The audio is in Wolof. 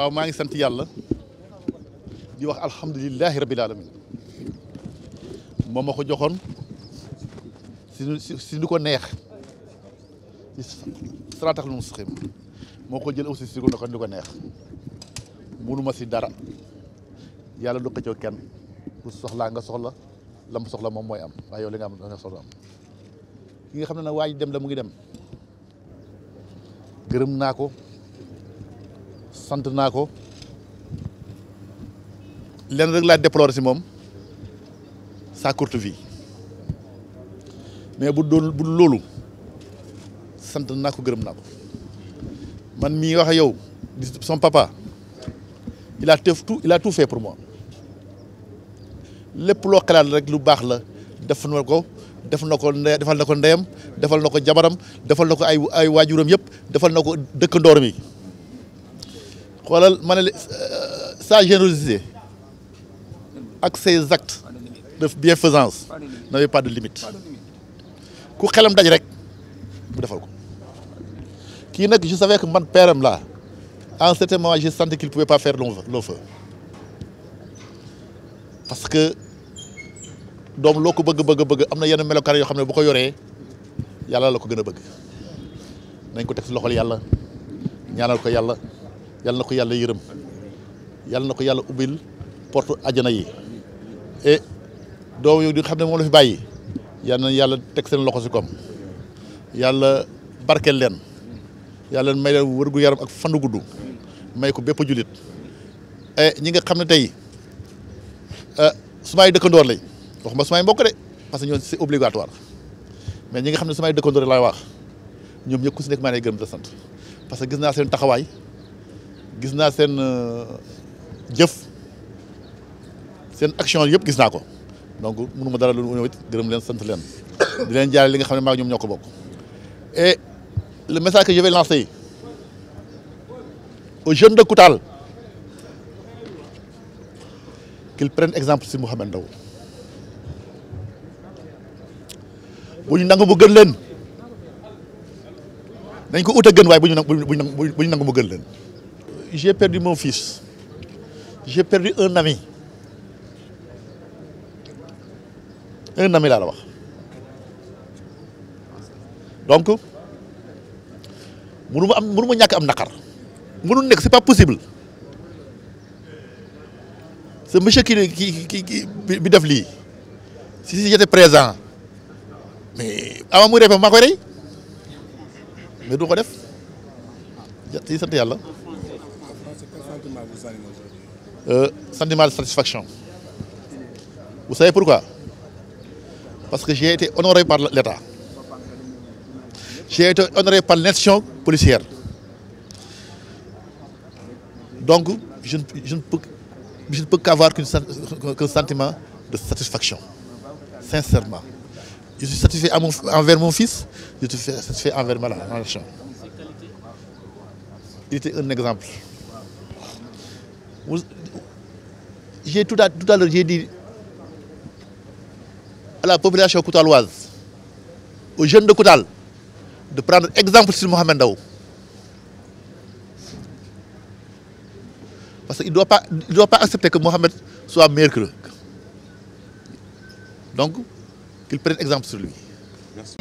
waaw maa ngi sant yàlla di wax alhamdulilahi rabil alamin moom ma ko joxoon si si lu ko neex ci sarataxlu mustaqim moo ko jël aussi si lu ko neex munu ma si dara yàlla du xëccoo kenn bu soxlaa nga soxla la mu soxla moom mooy am waaye yow li nga am danga soxla am ki nga xam ne nag waa ji dem la mu ngi dem gërëm naa ko sant Nako, déplore sa courte vie mais bu doon bu lolu sant nako gërem nako man wax son papa il a tout il a tout fait pour moi lepp lo xalaat rek lu bax la def nako def nako defal nako ndeyam defal nako jabaram defal voilà, ma euh, sa générosité ak ses actes de bienfaisance n'avait pas de limite ku xelam daj rek bu defal ko Ki nak je savais que man là, à en certain moment j'ai senti qu'il pouvait pas faire long feu parce que dom loo ko bëgg bëgg bëgg amna na yenn melokaan yo xam bu ko yoré yalla la ko gëna a bëgg nañ ko tek si loxol yalla ñaanal ko yalla yàlla na ko yàlla yërëm yàlla na ko yàlla ubbil porte àjjana yi doo eh, doom di xam ne moom la fi bàyyi yàlla na yàlla teg seen loxo si koom yàlla barkeel leen yàlla may leen wërgu yaram ak fan gudd may ko bépp jullit eh, ñi nga xam ne tey eh, su sumaay dëkkandoor lañ waxuma sumaay mbokk de parce que ñoom si obligatoire mais ñi nga xam ne sumaay dëkkandoor laay wax ñoom ñëpp ku si nekk maa ngi gërëm di sant parce que gis naa seen taxawaay. gis naa seen euh, jëf seen action yëpp gis naa ko donc mënu ma dara lu ñëw it gërëm leen sant leen di leen jaaree li nga xamne ma ñom ñoko bok et le message que je vais lancer aux jeunes de Koutal qu'ils prennent exemple sur Mohamed Ndao bu ñu nangu mu gën leen nañ ko ut a gën waaye bu ñu nangu bu ñu nangu bu ñu nangu gën leen j'ai perdu mon fils. J'ai perdu un ami. Un ami là-bas. wax donc je ne am pas si je am naqar mënul nekk c'est pas possible ce monsieur qui qui qui bi def si j'étais présent mais avant mourir, je ne sais rey mais du ça def sant yàlla sentiment euh, de satisfaction. Vous savez pourquoi Parce que j'ai été honoré par l'État. J'ai été honoré par l'action policière. Donc, je ne, peux, qu'avoir qu'un sentiment de satisfaction. Sincèrement. Je suis satisfait envers mon fils, je suis satisfait envers ma nation. Il était un exemple j'ai tout à, tout à l'heure, j'ai dit à la population coutaloise, aux jeunes de Koutal, de prendre exemple sur Mohamed Daou. Parce qu'il ne doit, pas, doit pas accepter que Mohamed soit meilleur que Donc, qu'il prenne exemple sur lui. Merci.